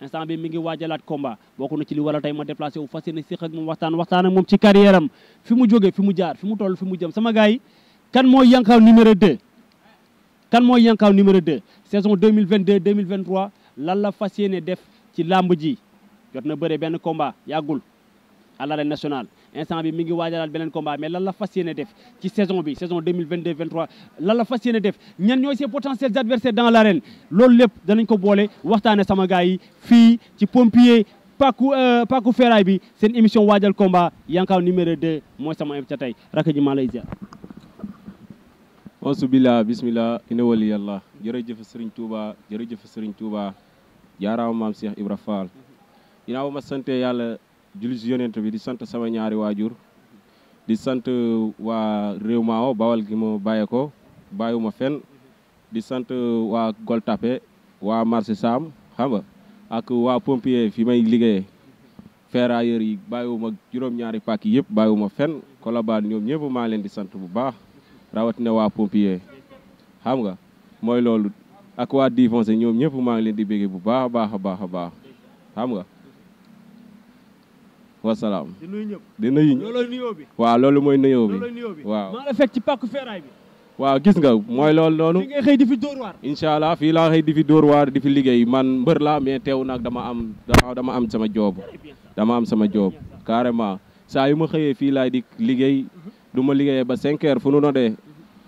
instant bi mi ngi waajalaat combat bokk na ci li wala tey ma déplacé wu fas yéene séq ak moom waxtaan waxtaan ak moom ci carrière am fi mu jógee fi mu jaar fi mu toll fi mu jëm sama gars yi kan mooy yankaaw numéro 2 kan mooy yankaaw numéro 2 saison 2022 2023 lan la fas yéene def ci làmb ji jot na bëre benn combat yàggul à l'arène nationale instant bi mi ngi waajalaat beneen combat mais lan la fas def ci saison bi saison 2022 23 lan la fas def ñan ñoy ses potentiels adversaires dans l'arène lool lépp dañ ko bolé waxtaane sama gaay yi fii ci pompier Paku euh, Paku Ferraille bi une émission waajal combat yankaw numéro 2 moy sama invité tay rakk ji lay ziar ansubila bisimila ina wali yàlla jërëjëf sëriñ Touba jërëjëf sëriñ Touba jaaraama mam Cheikh Ibra Fall ginnaaw ma sante yalla julli si yonent bi di sant sama ñaari waajur di sant waa réew maawo bawal gi moo bàyyee ko bàyyiwuma fen di sant waa Goltapé waa marché Sam xam nga ak waa pompier fi may liggéeyee ferrailleurs yi bàyyiwuma juróom-ñaari pàkk yëpp bàyyiwuma fenn Colobane ñoom ñëpp maa leen di sant bu baax rawatina waa pompier xam nga mooy loolu ak waa Difonse ñoom ñëpp maa ngi leen di béggee bu baax a baax a baax a baax xam nga wa salam di nuyu ñëpp di nuyu loolooy nuyoo bi waaw loolu mooy nuyoo bi Wa nuyoo bi waaw la fekk ci pàkku feeraay bi waaw gis nga ngay di fi allah fii laa di fi di fi liggéey man mbër laa mais teew dama am dama am sama job, dama am sama job, carrément saa yu ma xëyee fii laay di liggéey mhm. du ma ba 5 fu nu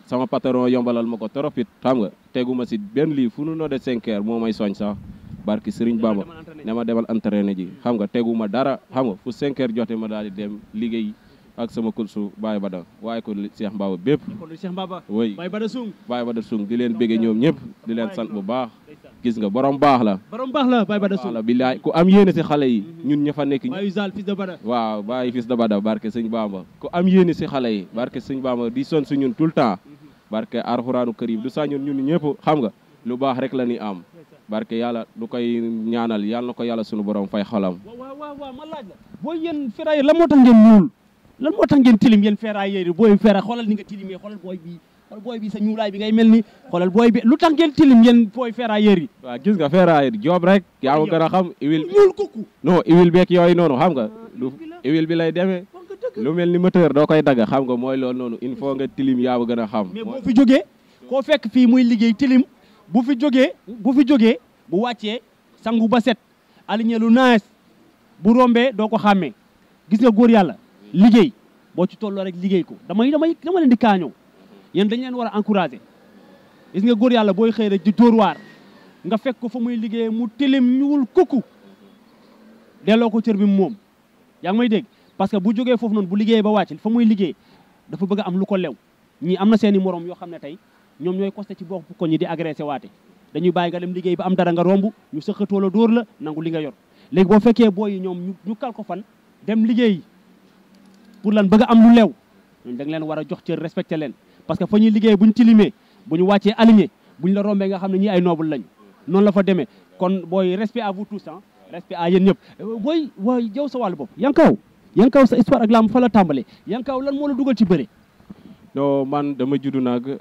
sama patron yombalal ma ko trop it xam nga teguma si benn lii fu nu 5 soñ sax barki Serigne Bamba ne ma demal entraîné ji xam nga teguma dara xam nga fu 5 heures jotee ma daal di dem liggéey ak sama kursu Baye Bada waaye kon Cheikh Mbaba bépp oui Baye Bada Sung Baye Bada Sung di leen béggee ñoom ñëpp di leen sant bu baax gis nga borom baax la borom baax la Baye Bada Sung la ku am yéene si xale yi mhm. ñun ña fa nekk Baye Zal fils de Bada waaw Baye fils de Bada barke sëñ Bamba ku am yéene si xale yi barke sëñ Bamba di son si ñun tout le temps mhm. barke Alxuraanu Karim du saa ñun ñun ñëpp xam nga lu baax rek la ñuy am barke yàlla du koy ñaanal yàlla na ko yàlla suñu borom fay xolam. waaw waaw waaw ma laaj la booy yéen ferrailleur lan moo tax ngeen ñuul lan moo tax ngeen tilim yéen ferrailleur yi booy xoolal ni nga tilimee xoolal booy bii xoolal booy bi sa ñuulaay mel ni xoolal booy bi lu tax ngeen tilim yéen booy ferrailleur yi. waaw gis nga ferrailleur joob rek. yaa gën a xam huile ñuul kukku. non huile yooyu noonu xam nga du ah, huile bi lay demee. lu mel ni moteur doo koy dagg xam nga mooy loolu noonu il faut nga tilim yaa ma gën a xam. mais boo fi jógee koo fekk fii muy liggéey tilim bu fi jógee bu fi jógee bu wàccee sangu ba set aligné lu nice bu rombee doo ko xàmmee gis nga góor yàlla liggéey boo ci tolloo rek liggéey ko damay damay dama leen di kaañoo yéen dañ leen war a encouragé gis nga góor yàlla booy xëy rek di dóor waar nga fekk ko fa muy liggéey mu tilim ñuul kukku delloo ko cër bi moom yaa ngi may dégg parce que bu jógee foofu noonu bu liggéeyee ba wàcc fa muy liggéey dafa bëgg am lu ko lew ñii am na seeni moroom yoo xam ne tey ñom ñoy costé ci bokku ko ñi di agressé waté dañuy bay nga dem liggéey ba am dara nga rombu ñu sëqatoo la door la nangu li nga yor légui bo féké boy ñom ñu kal ko fan dem liggéey pour lan bëgg am lu lew ñun da nga leen wara jox ci respecté leen parce que fañuy liggéey buñ tilimee buñ wacce aligné buñ la rombé nga ñi ay noble lañ non la fa démé kon boy respect à vous tous hein respect à yeen ñëpp boy boy yow sa yang kaw yang kaw sa histoire ak lam fa la yang kaw lan mo la dugal ci bëre non man dama juddu nag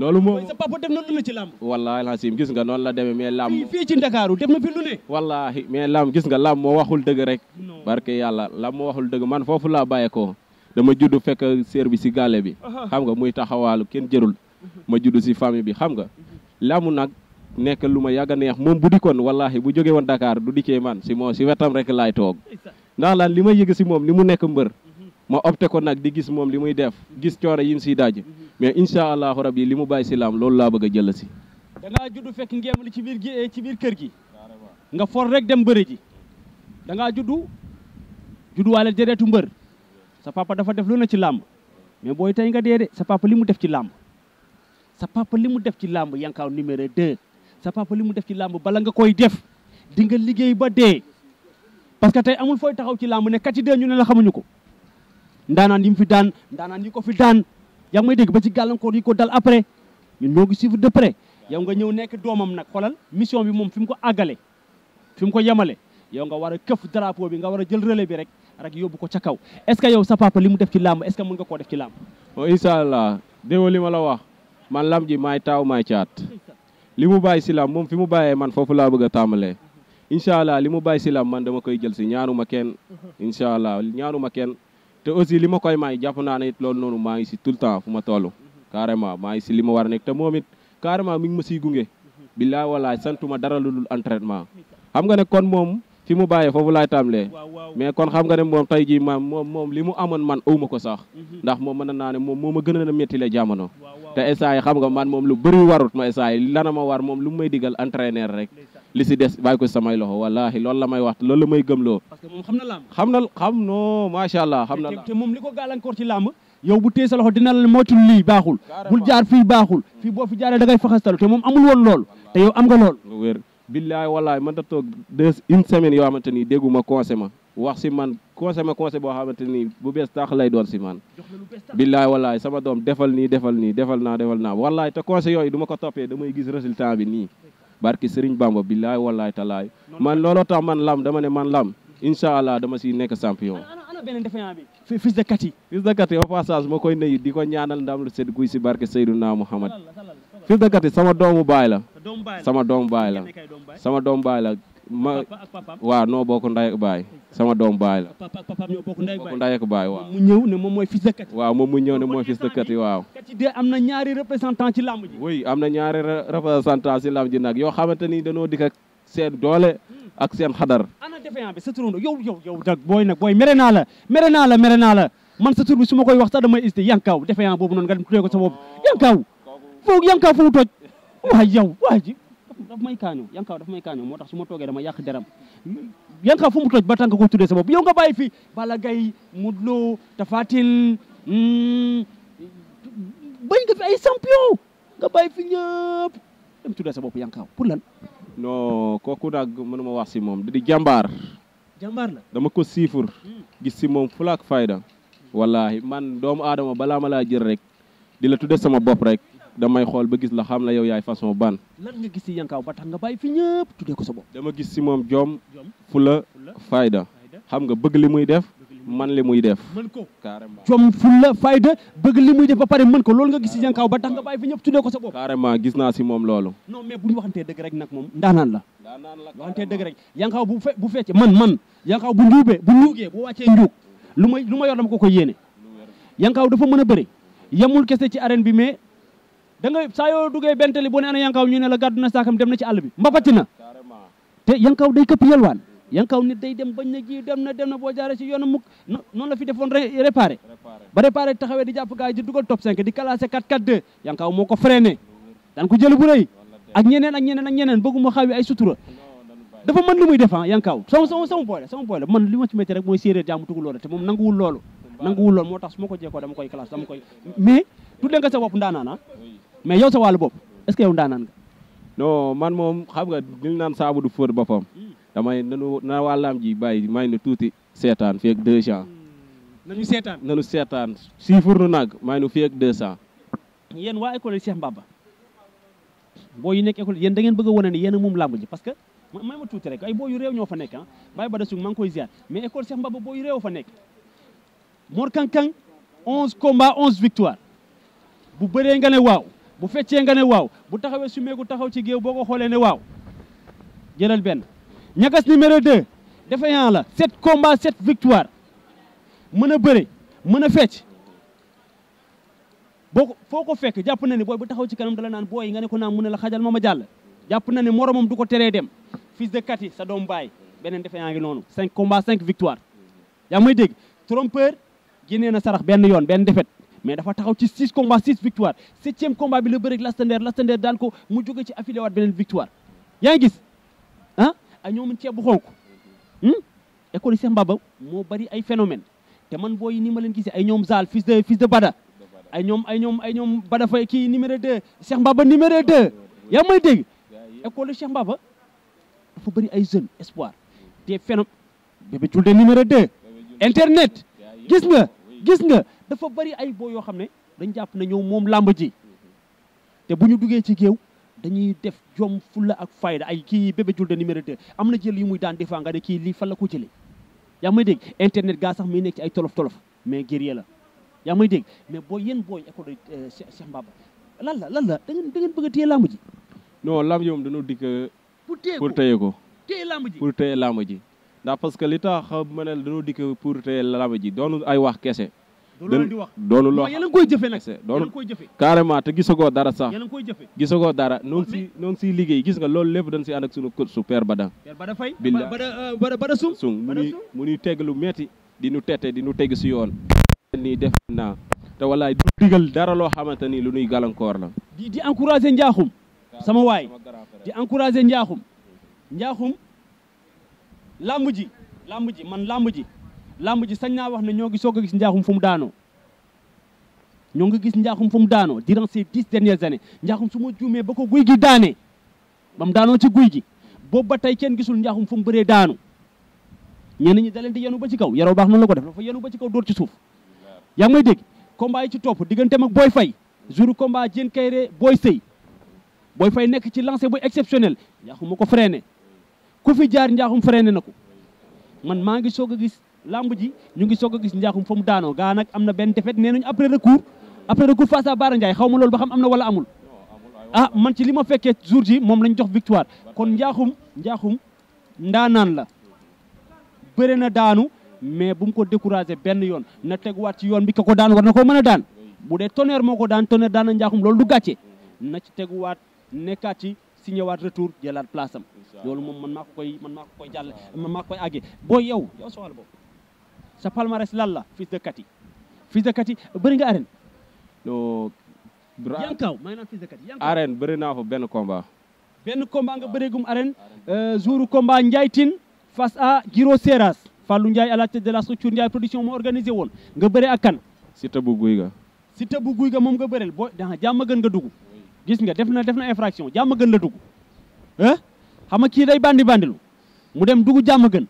loolu moom sa papa def na lu ci làmb wallaahi alhaasim gis nga noon la demee mais làmb fii ci na fi lu ne wallaahi mais gis nga lam moo waxul dëgg rek barke yàlla lam moo waxul dëgg man foofu laa bàyyeekoo dama judd fekk service si gaale bi xam nga muy taxawaalu kenn jërul ma judd si famille bi xam nga làmb nag nekk lu ma yàgg neex moom bu dikkoon wallaahi bu jógee dakaar Dakar du dikkee man si moom si wetam rek lay toog ndax lan li ma yëg si moom ni mu nekk mbër mhm. ma te ko nag di gis moom li muy def gis coono yi mu siy daj mhm. mais inshallah rabbi limu bay bàyyi si laam loolu bëgg jël ci da nga juddou fekk ngeem li ci bir gi eh, ci bir kër gi nga for rek dem bëre ji da juddou juddou judduwaale dédétu mbeur sa papa dafa def lu ne ci làmb mais boy tay nga dédé sa papa limu def ci làmb sa papa limu def ci làmb yankaaw numéro 2 sa papa limu def ci làmb bala nga koy def di nga liggéey ba dé parce que tay amul foy taxaw ci làmb ne kati dé ñu ne la xamuñu ko ndana ndim fi daan ndana yi fi daan yang ngi may dégg ba ci gàllankoor yi ko dal après ñun ñoo ngi suivre de près yow nga ñew nek domam nak xolal mission bi mom fim ko agalé fim ko yamalé yow nga wara keuf këf drapeau bi nga wara jël relais bi rek rek yobbu ko ca kaw est ce que yow sa papa limu def ci lamb est ce que mën nga ko def ci lamb o oh, inshallah allah lima la wax man lamb ji may taw may ciat limu bay ci lamb mom fimu baye man fofu la bëgg tamalé inshallah limu allah ci lamb man dama koy jël ñaanuma ken inshallah allah ñaanuma ken te aussi li ma koy may jàpp naa ne it loolu noonu maa ngi si tout le temps fu ma toll carrément maa ngi si li ma war a nekk te moom it carrément mi ngi ma siy gunge billaay walaay santuma dara lu dul entraînement xam nga ne kon moom fi mu bàyyee foofu laay tàmbalee mais kon xam nga ne moom tey jii maam moom li mu amoon man awma ko sax mhm. ndax moom mën naa ne moom moo ma gën a métti le jamono te essayé xam nga man moom lu bëri warut ma essayé lana ma war moom lu may digal entraîneur rek li si des bàyyi ko samay loxo wallaahi loolu la may wax lool la may gëmloo. parce que moom xam na làmb. xam na xam non macha allah. xam na te moom li ko gàllankoor ci làmb. yow bu téye sa loxo dina la moytu lii baaxul. bul jaar fii baaxul. fii boo fi jaaree da ngay faxastalu te moom amul woon lool. te yow am nga lool. wér billaay man da toog deux semaine yoo xamante ni dégguma conseil ma wax si man conseil ma conseil boo xamante ni bu bees tax lay doon si man. billaay wallaay sama doom defal nii defal nii defal naa defal naa wallaay te conseil yooyu d ma ko toppee damay gis résultat bi nii. barki Serigne Bamba billaay wallaay talaay man looloo tax man lam dama ne man lam incha allah dama si nekk champion. ana beneen défaillant bi fils de Kati. fils de Kati au passage ma koy nuyu di ko ñaanal ndam lu sedd guy si barke Seydouna Muhammad fils de Kati sama doomu baay la. sama doomu baay la sama doomu baay la. ma waaw noo bokk ndey ak baay sama doom baay la moom mooy fils de Katy waaw moom mu ñëw ne mooy fils de Katy waaw Katy de am na ñaari représentant ci làmb ji nag yoo xamante ni dañoo dikk ak seen doole ak seen xadar ana défayant bi sa turando yow yow yow dag booy nag booy mere naa la mere naa la mere naa la man sa tur bi su ma koy wax sax damay hésité yankaaw défayant boobu noonu nga dem tuddee ko sa bopp toj waay yow waay daf may kaañu yankaw daf may kaañu moo tax su ma toogee dama yàq deram yankaw fu mu toj ba tànk ko tuddee sa bopp yow nga bàyyi fi Balla Gaye Modou Lo Tapha Tine hmm, bañ nga fi ay champion nga bàyyi fi ñëpp dem tuddee sa bopp yankaw pour lan non kooku nag mënuma wax si moom di jàmbaar jàmbaar la dama ko siifur hmm. gis si moom fulaak fayda wallahi man doomu aadama balaa ma jël rek di la tudde sama bop rek damay xol ba gis la xam la yow yaay façon ban lan nga gis ci yankaw ba tax nga bay fi ñepp tuddee ko sa bop dama gis ci mom jom fula fayda xam nga bëgg li muy def man li muy def man ko carrément jom fula fayda bëgg li muy def ba paré man ko lool nga gis ci yankaw ba tax nga bay fi ñepp tuddee ko sa bop carrément gis na ci mom loolu non mais buñ ñu deug rek nak mom ndaanaan la la waxantee deug rek yankaw bu bu feccee man man yankaw bu ñubé bu ñugé bu wàccee ñuk lumay lumay yor dama ko ko yéene yankaw dafa mëna a bëri yamul kessé ci arène bi mais da nga sa yo duggee bentali bu né ana yankaw ñu né la gaddu na sakam dem na ci all bi mbapati na té yankaw day këpp yelwaan yankaw nit day dem bañ na ji dem na dem na bo jaaree ci yoonu muk non la fi defon réparé ba réparé taxawé di japp gaay ji dugal top 5 di classé 4 4 2 yankaw moko freiné dan ko jël bu reuy ak ñeneen ak ñeneen ak ñeneen bëgguma xawi ay sutura dafa man lu muy def yankaw sama sama sama boole sama boole man li ma ci metti rek moy séré jaamu tugul loolu te mom nanguwul loolu nanguwul loolu moo tax su ko jéko dama koy classe dama koy mais tudde nga sa bop ndana na mais yow sa wàllu bopp est-ce que yow ndaanaan nga. non man moom xam nga li naan saabu du fóot boppam hmm. damay nanu na wàllaam ji bàyyi may nu tuuti seetaan fii ak deux cent. Hmm. nanu seetaan nanu seetaan siifur nu nag may nu fii ak deux cent. yéen waa école Cheikh Mbaba boo yu nekk école yéen da ngeen bëgg a wane ne yéen a moom làmb ji parce que. may ma tuuti rek ay boo yu réew ñoo fa nekk ah ba Bada Soug maa ngi koy ziar mais école Cheikh Mbaba boo yu réew fa nekk Mor Kankang 11 combats 11 bëree nga ne waaw bu feccee nga ne waaw bu taxawee summee sumeeku taxaw ci géew boo ko xoolee ne waaw jëlal benn ñagas numéro 2 défaillant la 7 combats 7 victoire mën a bëre mën a fecc boo ko foo ko fekk jàpp na ne booy bu taxaw ci kanam dala naan booy nga ne ko naan mu ne la xajal ma ma jàll jàpp na ne moromam du ko teree dem fils de Kati sa doom baay beneen défaillant ngi noonu 5 combats 5 victoire yaa may dégg trompeur génnee na sarax benn yoon benn defet mais dafa taxaw ci 6 combats 6 victoire septième combat bi la bëreeg Lastander Lastander daan ko mu jóge ci affilé bi beneen victoire yaa ngi gis ah ak ñoomun ceeb bu xonk hmm? école yi Cheikh Mbaba moo bari ay phénomène te man booy ni ma leen gisee ay ñoom Zal fils de de Bada ay ñoom ay ñoom ay ñoom Bada Faye kii numéro 2 Cheikh Mbaba numéro 2 yaa may dégg école Cheikh Mbaba dafa bëri ay jeunes espoir te phénomène bébé Diouldé numéro 2 internet gis nga gis nga dafa bari ay boo yoo xam ne dañ jàpp na ñëw moom làmb ji te bu ñu duggee ci géew dañuy def jom fulla ak fayda ay kii bébé julde numéro 2 am na jël yu muy daan des nga ne kii lii fan la ko jëlee yaa may dégg internet gaa sax muy nekk ci ay tolof tolof mais guerrier la yaa may dégg mais boo yéen booy école euh, Cheikh Mbaba lan la lan la da ngeen bëgg a téye làmb ji non làmb ji moom dañoo dikk pour téye ko pour téye làmb ji pour téye làmb ji ndax parce que li tax ma ne dañoo dikk pour téye làmb ji doonu ay wax kese loolu di wax loolu loo yéen a ngi koy jëfe koy jëfe carrément te gisagoo dara sax yéen a ngi koy jëfe gisagoo dara noo si noo ngi siy liggéey gis nga loolu lépp dañ si ànd ak sunu kër su père Bada père Bada Faye billa euh, Bada Bada Sum Sum mu ñuy mu ñuy tegg lu metti di nu tette di nu tegg si yoon nii def naa te wallaay du digal dara loo xamante ni lu nuy gàllankoor la di di encouragé njaaxum sama waay di encouragé njaaxum njaaxum làmb ji làmb ji man làmb ji làmb ji sañ naa wax na ñoo ngi soog a gis njaaxum fu mu daanoo ñoo ngi gis njaaxum fu mu daanoo durant ces dix dernières années njaaxum su ma juumee ba ko guy gi daanee ba daanoo ci guy gi boobu ba tey kenn gisul njaaxum fu mu bëree daanu ñenn ñi da leen di yenu ba ci kaw yaroo baax noonu la ko def dafa yenu ba ci kaw dóor ci suuf yaa ngi may dégg combat yi ci topp digganteem ak Boy Faye jour combat Diène kayre booy Seye Boy Faye nekk ci lancé bu exceptionnel njaaxum ma ko freiné ku fi jaar njaaxum freiné na ko man maa ngi soog a gis lamb ji ñu ngi soog a gis njaaxum fa mu daanoo gaa nag am na benn défaite nee nañu après recours après recours face à Bara Ndiaye xaw ma loolu ba xam am na wala amul ah man ci li ma fekkee jour ji moom lañ jox victoire kon njaaxum njaaxum ndaanaan la bëre na daanu mais bu mu ko découragé benn yoon na teguwaat ci yoon bi ka ko daan war na ko mën a daan bu dee tonnerre moo ko daan tonnerre daan na njaaxum loolu du gàcce na ci teguwaat nekkaat ci si ñëwaat retour jëlaat place am loolu moom ko koy man jàll koy àggee booy yow yow sa palmarès lalla fils de Kati fils de Kati bëri nga arène lo yankaw may nan fils de Kati yankaw arène bëri na fa ben combat ben combat nga bëreegum arène euh, jouru combat face à Giro Seras fallu Ndiaye ala la tête de la structure Ndiaye production mo organiser won nga bëre akan kan bu guy ga Siteu bu guy ga moom nga bëreel gën nga duggu gis nga def na def na infraction jamma gën la duggu hein xama ki day bandi bandilu mu dem duggu jamma gën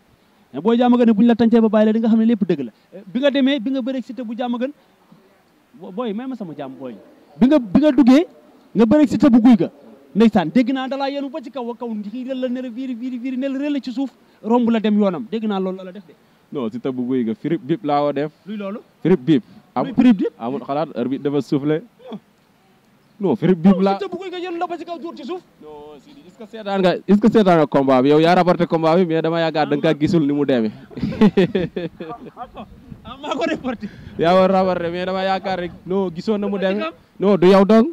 boo jàmmagën bu ñu la tàncee ba bàyyi la di nga xam ne lépp dëgg la bi nga demee bi nga bëreeg Siteu bu jàmmagën booy may ma sama jàmm booy bi nga bi nga duggee nga bëreeg Siteu bu guy ga ndeysaan dégg naa dalaa yenu ba ci kaw a kaw xiiral la nela viiri viiri viiri nel rel la ci suuf romb la dem yoonam dégg naa loolu la la def de non Siteu bu guy ga firib bip laa wa def luy loolu firib bip am xalaat heure bi dafa soufflé non frère bim la bu koy gëjël la ci kaw door ci suuf non sidi est ce que sétan nga est ce que combat bi yow ya rapporté combat bi mais dama yaakaar da gisul ni mu démé amma ko ya war mais dama rek non mu non du yow dong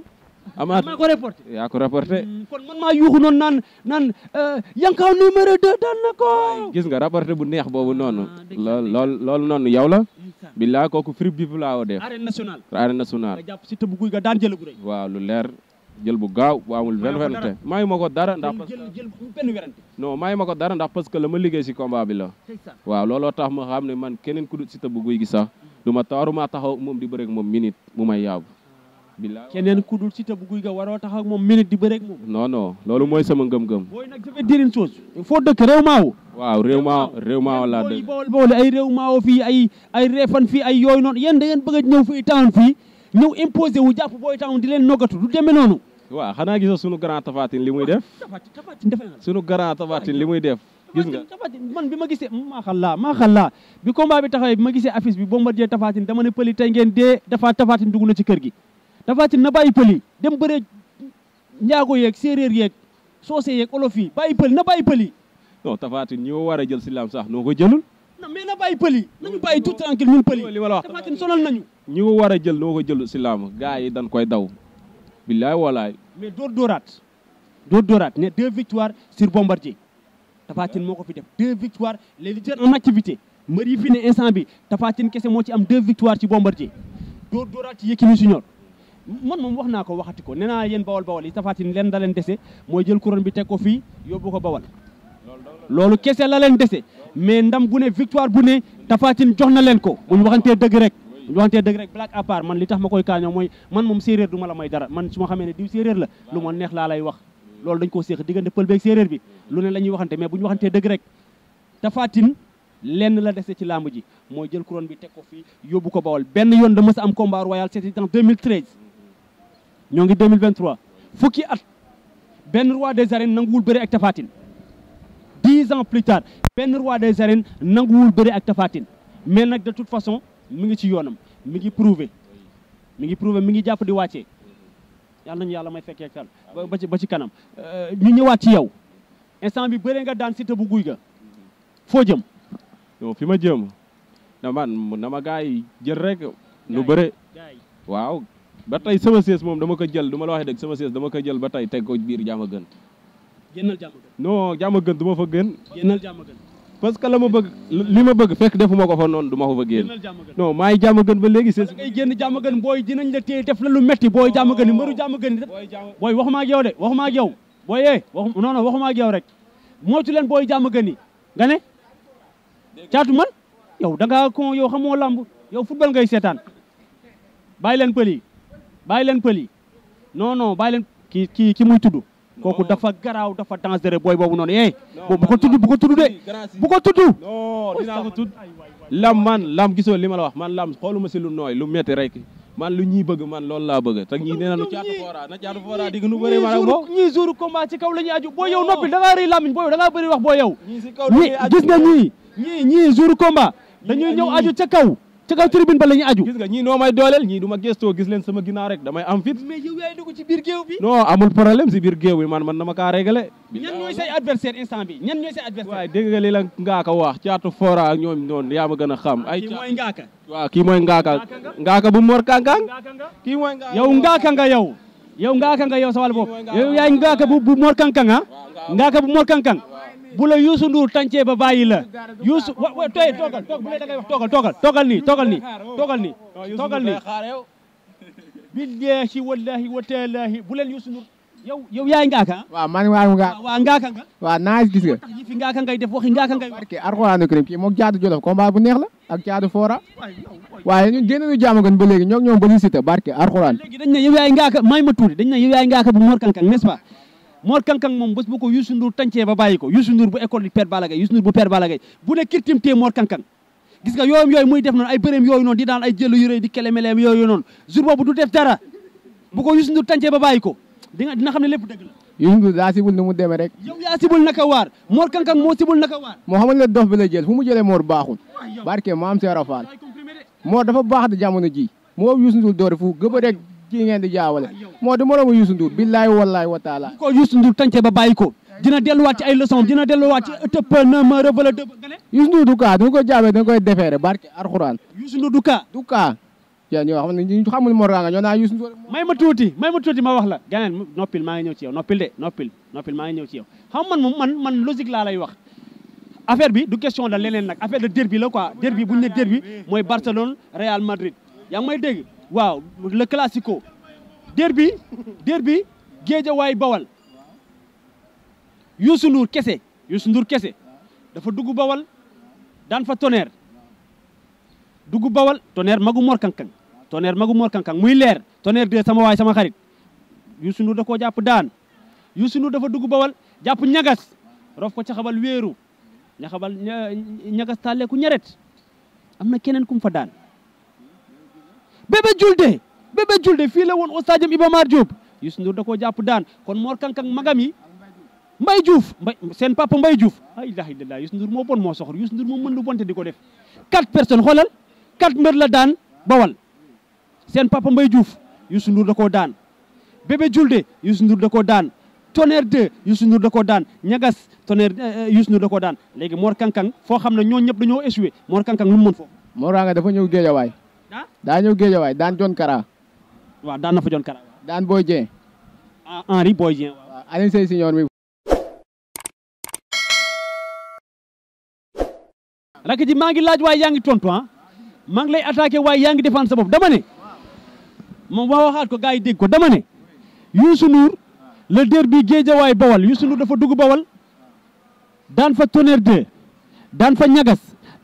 ya ko reporté hmm, kon man ma yuxu non nan nan eh, yankaw numéro 2 dan nako gis nga reporté bu neex bobu nonu lol lol yow ya, la billaa kooku frib bi fu laa woo def. arène nationale arène nationale. nga jàpp si te bu guy nga daan jël bu rëy. waaw lu leer jël bu gaaw bu amul benn werante maayi ma ko dara ndax parce jël benn werante ma ko dara ndax parce que la ma liggéey si combat bi la waaw looloo tax ma xam ne man keneen ku dul si te bu guy gi sax du ma taaru maa taxaw moom di bëreeg moom minute mu may yaabu keneen ku dul Siteu bu guy ga waroo tax moom minute di bëre ak moom. non loolu mooy sama ngëm-ngëm. booy nag je vais dire une chose. foo dëkk réew maawo. waaw réew maawo réew maawo laa dëkk. boole ay réew maawo fii ay ay reefan fii ay yooyu noonu yéen da ngeen bëgg a ñëw fii tawoon fii ñëw imposé wu jàpp booy tawoon di leen noggatu du demee noonu. waa xanaa gis nga sunu grand tafatin li muy def. sunu grand tafatin li muy def. gis nga man bi ma gisee maa xalla maa xalla bi combat bi taxawee bi ma gisee affiche bi Bombardier Tapha Tine dama ne pëli tey ngeen dee dafa Tapha dugg na ci kër gi Tapha na bàyyi pël yi dem bëree njaago yeeg séeréer yeeg soose yeeg olof yi bàyyi pël na bàyyi pël yi non Tapha war a jël si laam sax noo ko jëlul non mais na bàyyi pël yi nañu bàyyi tout tranquille ñun pël yi li ma la sonal nañu ñi ma war a jël noo ko jëlul si laam gars yi dañ koy daw billaay walaay mais dóor dóoraat dóor dóoraat ne deux victoires sur Bombardier Tapha Tine moo ko fi def deux victoires les lutteurs en activité mbër yi fi ne instant bi Tapha kese moo ci am deux victoires ci Bombardier dóor dóoraat ci Yékini Junior man moom wax naa ko waxati ko nee naa yéen bawal bawal yi Tapha Tine leen da leen dese mooy jël couronne bi teg ko fii yóbbu ko bawal kese la leen dese mais ndam bu ne victoire bu ne jox na leen ko buñ waxantee dëgg rek buñ waxantee dëgg rek tax ma koy kaañoo mooy man moom séeréer du ma la may dara man su ma xamee ne diw séeréer la lu ma neex laa lay wax loolu dañ koo séex diggante pël beeg séeréer la ñuy waxante mais bu ñu waxantee dëgg rek Tapha Tine lenn la dese ci làmb ji mooy jël couronne bi teg ko fii yóbbu ko bawal benn yoon da mës a am combat royal c'était en 2013 ñoo ngi 2023 fukki at benn roi de arènes nanguwul bëri ak Tapha Tine dix ans plus tard benn roi des arènes nanguwul bëri ak Tapha Tine mais nag de toute façon mi ngi ci yoonam mi ngi prouvé mi ngi prouvé mi ngi jàpp di wàccee yàlla nañu may fekkee kan ba ci ba ci kanam euh, ñu ñëwaat ci yow instant bi bëri nga daan Siteu bu guy ga foo jëm yow fi ma jëm na man na ma gars yi jël rek nu bëre waaw ba tey sama sées moom dama ko jël du la waxee dëgg sama sées dama ko jël ba tey teg ko biir jàmm gën. génnal jàmm gën. non jàmm gën du ma fa gën. génnal jàmm gën. parce que la ma bëgg li ma bëgg fekk defuma ko fa noonu du ma ko fa génn. non maa ngi jàmm gën ba léegi sées. ngay génn jàmm gën booy dinañ la téye def la lu metti booy jàmm gën mbaru jàmm gën. booy waxuma ak yow de waxuma ak yow. booy yee wax non non waxuma ak yow rek moytu leen booy jàmm gën yi nga ne caatu man yow da ngaa ko yow xamoo lamb yow football ngay seetaan bàyyi leen pël bàyyi leen pël yi non non bàyyi leen ki ki ki muy tudd kooku dafa garaaw dafa dangereux booy boobu noonu eh bu ko tudd bu ko tudd de bu ko tudd non dinaa ko tudd lam man lam gisoo li ma la wax man lam xooluma si lu nooy lu metti rek man lu ñuy bëgg man loolu laa bëgg te ñii nee nañu caatu foora na caatu foora di gënu bëri maanaam moom ñii jour combat ci kaw la ñuy aju boo yow noppi da ngaa rëy lamiñ boo yow da ngaa bëri wax boo yow ñii gis nga ñii ñii ñii jour combat dañuy ñëw aju ca kaw ci a tribune ba la ñu aju ñii noo may dooleel ñii du ma gëstoo sama ginnaaw rek damay am fit mais yow yaay dugg ci biir bi non amul problème si biir géew bi man man na ma kaa réglé ñan ñooy ngaaka wax caatu fora ñoom noonu yaa ma a xam ay mooy ngaaka waaw kii mooy ngaaka ngaaka bu mor kankaan kii mooy ngaaka yow ngaaka nga yow yow ngaaka nga sa wàll bopp yow yaay ngaaka bu mor kankaan ah ngaaka bu mor kankaan bu la Youssou Ndour tàncee ba bàyyi la Youssou wa wa tey toogal toog bu lay da ngay wax toogal toogal toogal nii toogal nii toogal nii toogal nii wallahi wa taalaahi bu leen Youssou Ndour yow yow yaay ngaaka ah? waaw man waaw ngaaka waaw ngaaka nga waaw naaj gis nga yi fi ngaaka ngay def waxi ngaaka ngay barke alxuraanu karim kii moom jaadu jolof combat bu neex la ak jaadu foora waaye ñun génn ñu jaamu gën ba léegi ñoog ñoom ba ñu sita barke alxuraan léegi dañ ne yow yaay ngaaka may ma tuuti dañ ne yow yaay ngaaka bu Mor Kang Kang Mor Kankang moom bés bu ko Youssou Ndour tàncee ba bàyyi ko Youssou Ndour bu école di Père Balla Gaye Youssou Ndour bu Père Balla Gaye bu ne kirtimtee Mor Kankang gis nga yooyum yooyu muy def noonu ay bëreem yooyu noonu di daan ay jëlu yu di kelemeleem yooyu noonu jour boobu du def dara bu ko Youssou Ndour tàncee ba ko di nga dina xam ne lépp dëgg la Youssou Ndour daa sibul ni mu demee rek yow yaa sibul naka waar Mor Kankang moo sibul naka waar moo xamal la dof bi la jël fu mu ji moo Youssou rek ji ngeen di jaawale ah, moo di moroomu Youssou Ndour billaay wallaay wa taala ko Youssou Ndour tàncee ba bàyyi ko ah, dina delluwaat ci ay leçon dina delluwaat ci tëpp na ma rëbala dëb gane Youssou du kaa du ko jaamee dañ koy defeere barke arxuraan Youssou Ndour du kaa du kaa yaa ñoo xam ne ñu xamul ma tuuti may ma tuuti ma wax la ganeen noppil maa ngi ñëw ci yow noppil de noppil noppil maa ngi ñëw ci man man man laa lay wax affaire bi du question la leneen nag affaire de derby la quoi derby bu ñu ne ah, mooy Barcelone Real Madrid yaa ngi may dégg waaw le classico derby derby Géejawaay Bawal Youssou Ndour kese Youssou Ndour kese dafa dugg Bawal daan fa Tonnerre dugg Bawal Tonnerre magu Mor Kankang Tonnerre magu Mor Kankang muy leer Tonnerre de sama waay sama xarit Youssou Ndour da koo jàpp daan Youssou Ndour dafa dugg Bawal jàpp ñagas rof ko ca xabal wéeru ña ñagas ñagas tàlleeku ñaret am na keneen kum fa daan Bébé Diouldé Bébé Diouldé fii la woon au stade Iba Mar Diop Youssou Ndour da koo jàpp daan kon Mor Kankang magam yi Mbaye Diouf Mbaye seen papa Mbaye Diouf la ilaha illallah Youssou Ndour moo bon moo soxor Youssou Ndour moo mën lu bonte di ko def quatre personnes xoolal quatre mbër la daan bawal seen papa mbay Diouf Youssou Ndour da koo daan Bébé Diouldé Youssou Ndour da koo daan tonnerre 2 Youssou Ndour da koo daan ñagas tonnerre euh, euh, Youssou Ndour da koo daan léegi Mor Kankang foo xam ne ñoo ñëpp dañoo échoué Mor Kankang lu mu mën foofu Mor nga dafa ñëw géejawaay daa ñëw géejawaay daan John Kara. waaw daan na fa John Kara. daan Boy Dieng. ah Henri Boy Dieng. mi. rakk ji maa ngi laaj waaye yaa ngi tontu ah maa ngi lay attaqué waaye yaa ngi défendre sa bopp dama ne moom ma waxaat ko gars yi dégg ko damane ne Youssou Ndour le derby Bawal Youssou Ndour dafa dugg Bawal daan fa Tonnerre 2 daan fa ñagas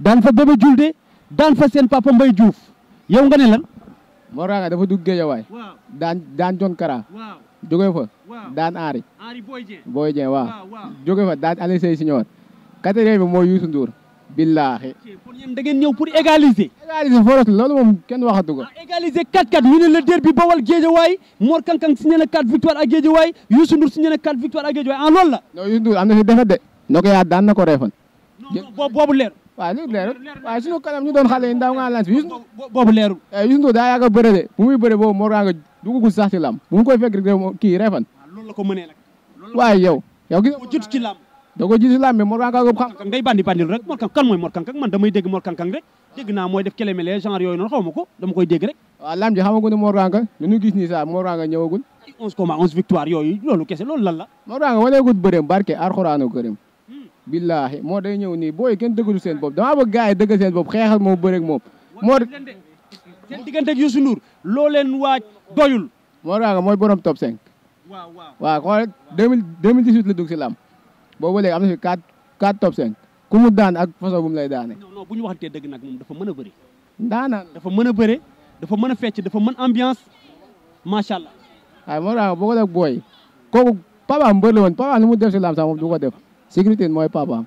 daan fa Bébé Julde daan fa seen papa Mbaye Diouf yow nga ne lan. Mor Ranga dafa dugg géejawaay. daan daan John Kara. jóge fa daan Henri. Boy Dieng waaw. jóge fa daan Aliou Seye Senior. quatrième bi mooy Youssou Ndour. billaahi. kon yéen da ngeen ñëw pour égaliser. égaliser forot loolu moom kenn waxatu ko. ah égaliser 4-4 ñu ne la derby Bawol Géejawaay Mor Kankang signé na 4 victoire ak Géejawaay waay Ndour signé na 4 victoire ak Géejawaay ah loolu la. non Youssou Ndour am na si defet de. noo ko yaa daan na ko reefan. non non boobu waaw ñu leerul waaw suñu kanam ñu doon xale yi ndaw nga lans eh, daa yàgg a bëre de bu muy bëre boobu moo nga dugugul sax ci lam bu mu koy fekk rek loolu la ko mënee nag waaye yow yow gis ko jiitu Mor Kankang ko Mor Kankang kan mooy Mor Kankang man damay dégg Mor Kankang rek dégg naa mooy def kelemele genre yooyu ko dama koy dégg rek waaw lam ji xamagu Mor Kankang lu ñu gis nii sax Mor Kankang lan la Mor Kankang waneegut bëreem billaahi moo day ñëw nii booy kenn dëggalu seen boob damaa bëgg gars yi dëggal seen bopp xeexal moom bëreeg moom moo seen diggante ak Youssou Ndour loo leen waaj doyul moo daanga mooy borom top 5 waaw waaw xool 2018 la dugg si lam boobu léegi am na fi 4 4 top 5 ku mu daan ak façon bu mu lay daane bu ñu waxantee dëgg nag moom dafa mën a bëri daanaan dafa mën a bëre dafa mën a fecc dafa mën ambiance macha allah waaye moo daanga boo ko def booy kooku papa mbër la woon papa lu mu def si lam moom du def sécurité mooy papaam.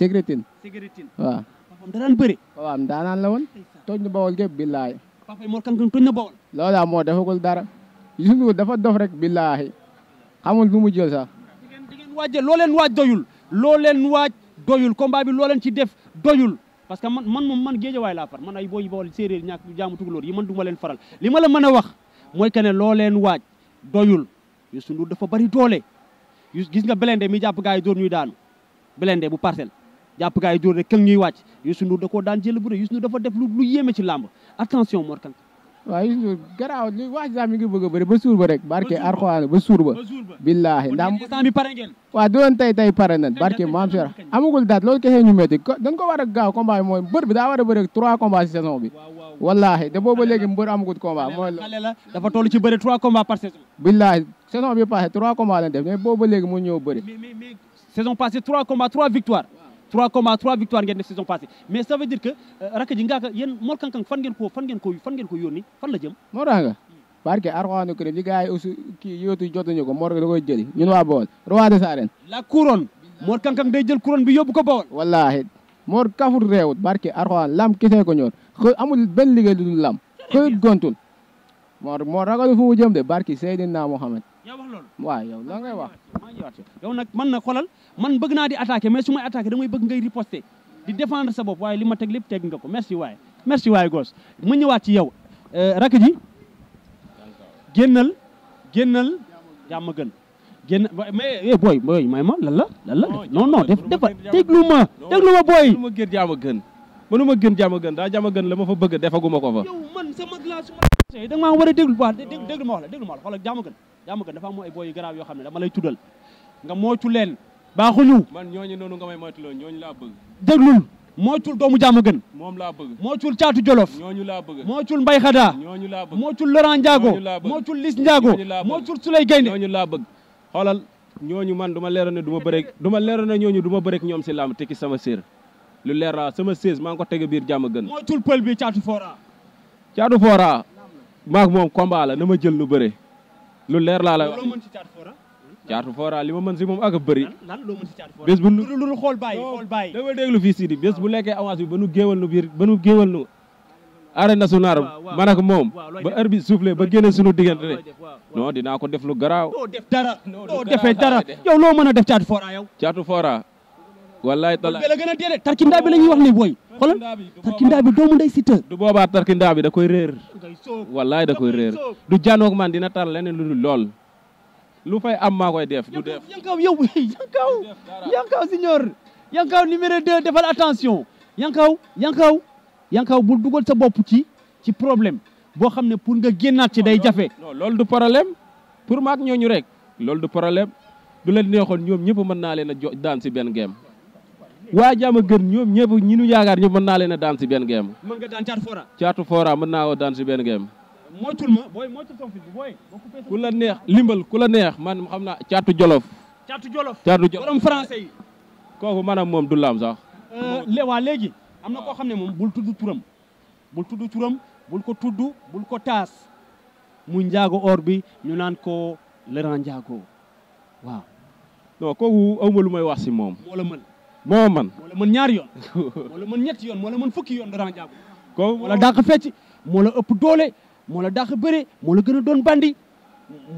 sécurité sécurité waaw. papaam da daan bëri. papaam daanaan la woon. toj na bawol gépp billaahi. papa Mor Kang Kang toj na bawol. loola moo defagul dara. Youssou Ndour dafa dof rek billaahi xamul lu mujj jël sax. di ngeen di loo leen waaj doyul. loo leen waaj doyul combat bi loo leen ci def doyul. parce que man man moom man géejawaay laa far man ay booy bawol séeréer ñàkk jaamu tukulóor yi man du leen faral li ma la mën a wax mooy que ne loo leen waaj doyul Youssou Ndour dafa bari doole gis nga Blindé mi jàpp gars yi dóor ñuy daanu Blindé bu parcelle jàpp gars yi dóor ne këng ñuy wàcc Youssou Ndour da daan jël bu rëy Youssou Ndour dafa def lu lu yéeme ci làmb attention Mor Kang waaw Youssou Ndour garaaw li wax sax mi ngi bëgg a bëri ba suur ba rek barke Alxuraan ba suur ba billaahi ndax waaw doon tey tey pare nañ barke maam Cheikh amagul date loolu kese ñu métti dañ ko war a gaaw combat mooy mbër bi daa war a bëri trois combats ci saison bi wallaahi de booba léegi mbër amagul combat mooy dafa toll ci bëri trois combats par saison bi passé trois combats lañ def mais booba léegi mu ñëw bëri 3 combats 3 victoire ngeen def saison passée mais ça veut dire que euh, rakk ji ngaa ko yéen Mor Kang Kang fan ngeen ko fan ngeen ko fan la jëm moo tax jëli ñun waa Bawol roi des la couronne Mor Kang Kang jël couronne bi yóbbu ko Bawol wallahi Mor kafut réewut barke arxaan lam kisee ko ñor amul benn liggéey lu dul lam xëyut gontul Mor Mor fu mu jëm de barke Seydina waaw yow la ngay wax maa ngi waat man na xolal man bëgg naa di attaquer mais su may attaquer damay bëgg ngay riposter di défendre sa bopp waaye li ma teg lépp teg nga ko merci waaye merci waaye gos mu ñëwaat ci yow euh, rakk ji génnal génnal jàmm gën génn mais eh, booy booy may ma lan la lan la non non def defa déglu ma déglu ma booy ma gën jàmm gën mënuma gën jàmm gën daa jàmm gën la ma fa bëgg defaguma ko fa yow man sa mag laa su ma da nga maa war a déglu bu baax déglu ma wax la déglu ma wax la xoolal jàmm gën yaa dafa am ay booy yu yoo xam ne dama lay tuddal nga moocu leen baaxuñu man ñooñu noonu nga may moytuloo ñooñu laa bëgg déglul moocul doomu jàmm gën moom laa bëgg moocul caatu jolof ñooñu laa bëgg moocul mbay xadaa ñooñu laa bëgg moocul Laurent Ndiago moocul Lis Ndiago moocul Souley Gaynde ñooñu laa bëgg xoolal ñooñu man du ma leeroon ne du ma du ma leeroon ñooñu du ma bëreeg ñoom si lamb tekki sama séer lu leer laa sama sées maa ngi ko tege biir jàmm gën moocul pël bi caatu foora caatu foora maak moom combat la na ma jël nu bëre lu leer laa lay wax caatu foora li ma mën si moom ak a bëri bés bu lu xool bàyyi xool bàyyi dama déglu fii Sidi bés bu lekkee avance bi ba nu géewal nu biir ba nu géewal nu arène nationale man ak moom ba heure bi soufflé ba génne suñu diggante ne non dinaa ko def lu garaaw doo def dara doo defee dara yow loo mën a def caatu foora yow caatu foora wallahi taala bi la gën a déedéet tarkindaa bi la ñuy wax ni booy xoolal tarkindaa bi doomu ndey sita du boobaa tarkindaa bi da koy réer wallahi da koy réer du janoog man dina tar leneen lu dul lu fay am maa koy def du def yankaw yow yankaw yankaw senior yankaw numéro 2 defal attention yankaw yankaw yankaw bul dugal sa bopp ci ci problème boo xam ne pour nga génnaat ci day jafe non loolu du problème pour maak ñooñu rek loolu du problème du leen neexoon ñoom ñëpp mën naa daan si benn game waa jaam a gën ñoom ñëpp ñi ñu yaakaar ñëpp mën naa leen a daan si benn game. mën nga daan caatu fora. caatu fora mën naa woo daan si benn game. moytul ma booy moytul sama fit bi ku la neex limbal ku la neex man xam naa caatu jolof. caatu jolof caatu jolof borom français kooku maanaam moom du laam sax. Euh, waa léegi am na koo xam ne moom bul tudd turam. bul tudd turam bul ko tudd bul ko taas mu njaago or bi ñu naan ko Laurent Ndiago waaw. non kooku aw ma lu may wax si moom. moo la moo man moo la ñaari yoon moo la mën ñetti yoon moo la mën fukki yoon Laurent Ndiago ko moo la dàq fecc moo la ëpp doole moo la dàq bëre moo la gën a doon bandi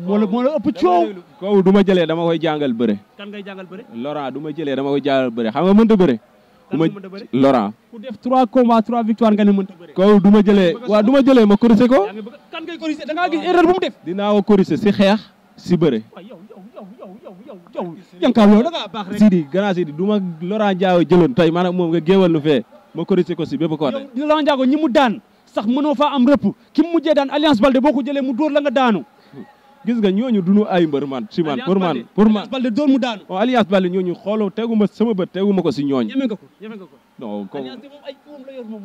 moo la moo la ëpp coow kooku du ma jëlee dama koy jàngal bëre kan ngay jàngal bëre Laurent du ma jëlee dama koy jàngal bëre xam nga mënta bëre du ma Laurent ku def trois combats trois victoire nga ne mënta bëre kooku ma jëlee ma jëlee ko kan ngay corriger da ngaa gis erreur bu mu def dinaa ko corriger si xeex si bëre. yow yow yow yow yow yow yankaaw yow du ma Laurent Ndiago jëloon tey maanaam moom nga géewal lu fee ma corrigé ko si bépp côté. yow Laurent Ndiago ñi mu daan sax mënoo faa am rëpp ki mu mujjee daan Alliance Balde boo ko jëlee mu dóor la nga daanu. gis nga ñooñu duñu ay mbër man si man pour man pour man Balde dóor mu daanu. waaw oh, Alliance Balde ñooñu xooloo teguma sama bët teguma ko si ñooñu. ko ñeme nga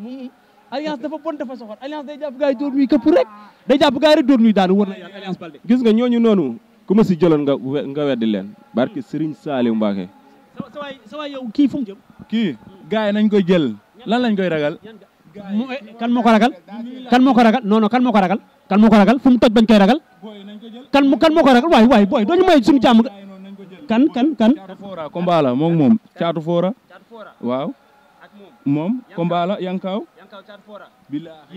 alliance dafa bon dafa soxor alliance day jàpp gars yi dóor ñuy këpp rek day jàpp gars yi rek dóor ñuy daanu wër na yàlla alliance Baldé gis nga ñooñu noonu ku ma si jëloon nga nga weddi leen barki Serigne Saliou Mbacké sa waay sa waay yow kii fu mu jëm kii gars yi nañ koy jël lan lañ koy ragal eh, kan moo ragal kan moo ko ragal non kan moo ragal kan moo ko ragal fu mu toj bañ koy ragal kan kan moo ragal waay waay booy may suñu kan kan kan caatu combat la moom moom caatu foora waaw moom combat la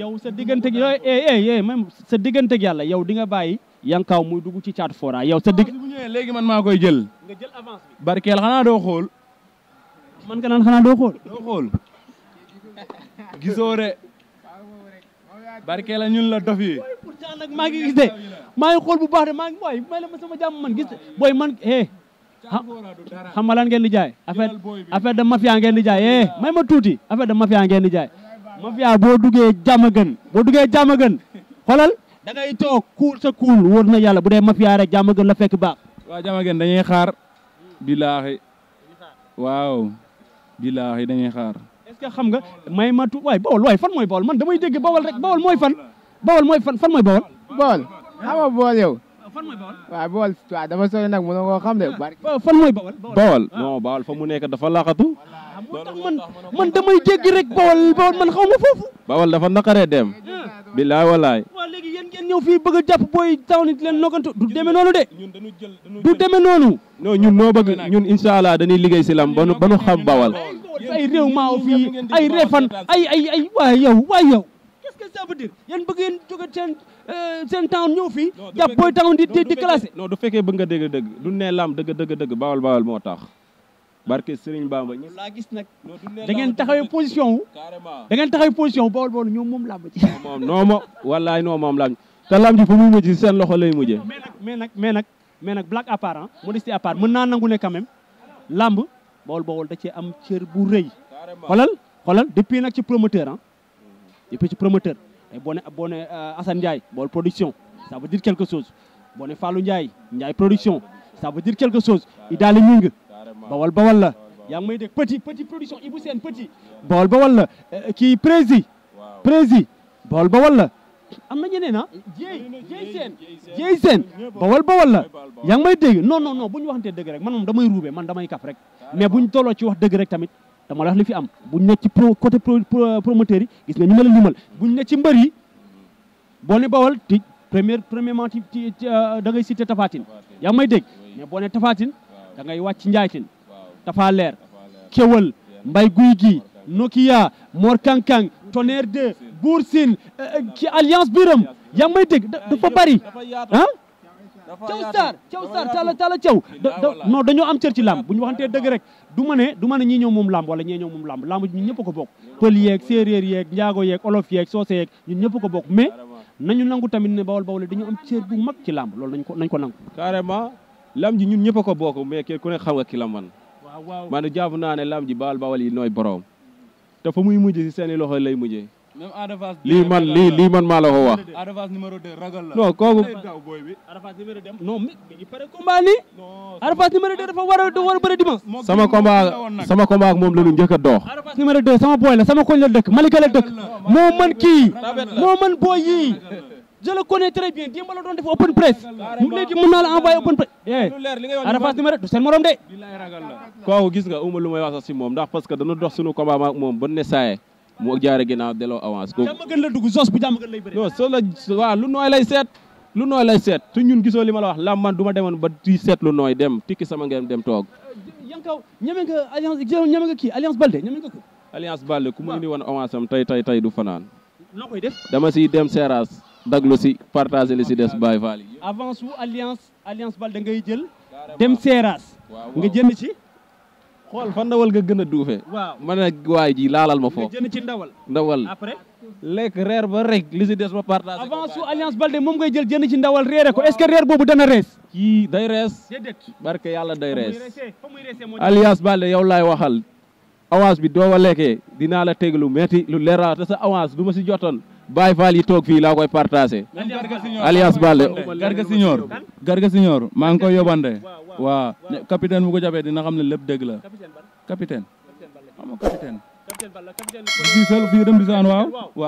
yow sa diggante gi yooyu eh eh, eh eh même sa diggante yàlla yow di nga bàyyi. yankaw muy dugg ci caatu foora yow sa digg. bu ñëwee léegi man maa koy jël. nga jël avance bi. barkeel xanaa doo xool. man nga naan xanaa doo xool. gisoo de. barkeel la ñun la dof yi. maa gi gis de maa ngi xool bu baax de maa ngi booy may la ma sama man gis de booy man eh. xam nga lan ngeen di jaay affaire affaire de mafia ngeen di jaay eh may ma tuuti affaire de mafia ngeen di jaay. mafia boo duggee jàmm gën boo duggee jàmm gën xoolal da ngay toog kuul sa kuul wóor na yàlla bu dee mafia rek jàmm gën la fekk baax waaw jàmm gën dañuy xaar bilaahi waaw bilaahi dañuy xaar est-ce que xam nga may matu bawol fan mooy bawol man damay dégg bawol rek bawol mooy fan bawol mooy fan fan mooy bawol bawol xama bawol yow fan mooy bawol waaw xam de bari fan mu nekk dafa laqatu Ah, moo tax man man damay jéggi rek bawal bawal man xaw ma foofu. bawal dafa naqaree dem. Hmm. bilaay walaay. waaw léegi yéen ngeen ñëw fii bëgg a jàpp booy taw nit leen nokkantu du demee noonu de. du demee noonu. non ñun noo bëgg ñun incha allah dañuy liggéey si lam ba nu ba nu xam bawal. ay réew maaw fii ay reefan ay ay ay waay yow waay yow. qu'est-ce que ça veut dire bëgg ngeen jóge seen euh, seen town ñëw fii jàpp booy taw nit di di classé. du fekkee bëgg nga dégg dëgg du ne lam dëgg dëgg dëgg bawal bawal moo tax barké Serigne Bamba ñu laa gis nak da ngeen taxawé position wu da ngeen taxawé position wu bool bool ñoom mom lamb ci mom noo ma wallaay mom lamb làmb lamb ji fu muy mujj loxo lay mujjé mais nak mais nak mais nag blague à part hein, modestie à part mën naa nangou né quand même Lamb. bool bool da ci am cieur bu reuy xolal xolal depuis nak ci promoteur hein? depuis ci promoteur ay boné ne euh, Assane Ndiaye bool production ça veut dire quelque chose boné fallu Fallou Ndiaye production ça veut dire quelque chose i ñing bawal bawal la yaa ngi may dégg petit petit production Ibou Sène petit bawal bawal la eh, eh, kii prési prési bawal bawal la am na ñeneen ah jéy jéy seen jéy seen bawal bawal la yaa ngi may dégg non no non bu ñu wax waxantee dëgg rek man moom damay ruube man damay kaf rek ah, mais bu ñu tolloo ci wax dëgg rek tamit dama la wax li fi am bu ñu ne ci pro côté promoteur yi gis nga ñu ma limal bu ñu ne ci mbër yi boo ne bawal ti première premièrement ci euh, da ngay cité Tapha Tine yaa ngi may dégg mais boo ne Tapha da ngay ci njaaytin dafa leer kéwal mbay guy gi Nokia moor Kankang Tonnerre 2 Bour Sine eh, eh, ci alliance biram yaa ngi may dégg dafa bari ah Thiaw Sarr Thiaw Sarr Talla Talla Thiaw non dañoo am cër ci làmb bu ñu waxantee dëgg rek du ma ne du ma ne ñii ñoo moom làmb wala ñee ñoo moom làmb làmb ñun ñëpp ko bokk pël yeeg séeréer yeeg njaago yeeg olof yeeg soose yeek ñun ñëpp ko bokk mais nañu nangu tamit ne bawol bawol dañu am cër bu mag ci làmb loolu nañ ko nañ ko nangu lam ji ñun ñëpp a ko bokk mais kenn ku ne xam nga ki la man maanaam jàpp naa ne lam ji baal bawal yi nooy boroom te fa muy mujj si seen i loxo lay mujjee lii man lii maa la ko wax non kooku non Arafas numéro 2 dafa war a war a bëri dimanche sama combat sama combat ak moom la ñu njëkk a doox Arafas numéro 2 sama boy la sama koñ la dëkk Malika la dëkk moo man kii moo man boy yii je le connais très bien démb la doon eh, si moom ndax parce que dana dox moom ba ne saaye mu jaare ginnaaw delloo avance ko jàmm gën la dugg soo li ma la wax lam man ma demoon ba di seet lu nooy dem tikki sama ngeen dem toog euh, yankaw ñeme nga alliance ñeme nga kii alliance balde ñeme tey du fanaan noo koy def dama siy dem seeraas daglu si partagé li si des Baye Fall yi. avance wu alliance alliance Baldé ngay jël. dem Seeraas. nga jën ci. xool fa ndawal nga gën a duufee. waaw ma ne waay ji laalal ma foofu. ci ndawal. ndawal après. lekk reer ba rek li si des ba partagé. avance su alliance moom ngay jël jën ci ndawal reere ko est-ce que reer boobu dana rees. day rees. barke yàlla day rees. alliance Baldé yow laay waxal. avance bi doo ko dinaa la teg lu metti lu leeral te sa avance du ma si jotoon Baye Fall yi toog fii laa koy partagé. Alliance Baldé Garga Signor Garga Signor maa ngi koy yóbbante capitaine bu ko jàppee dina xam ne lépp dëgg la capitaine xam nga capitaine. di si saan waaw.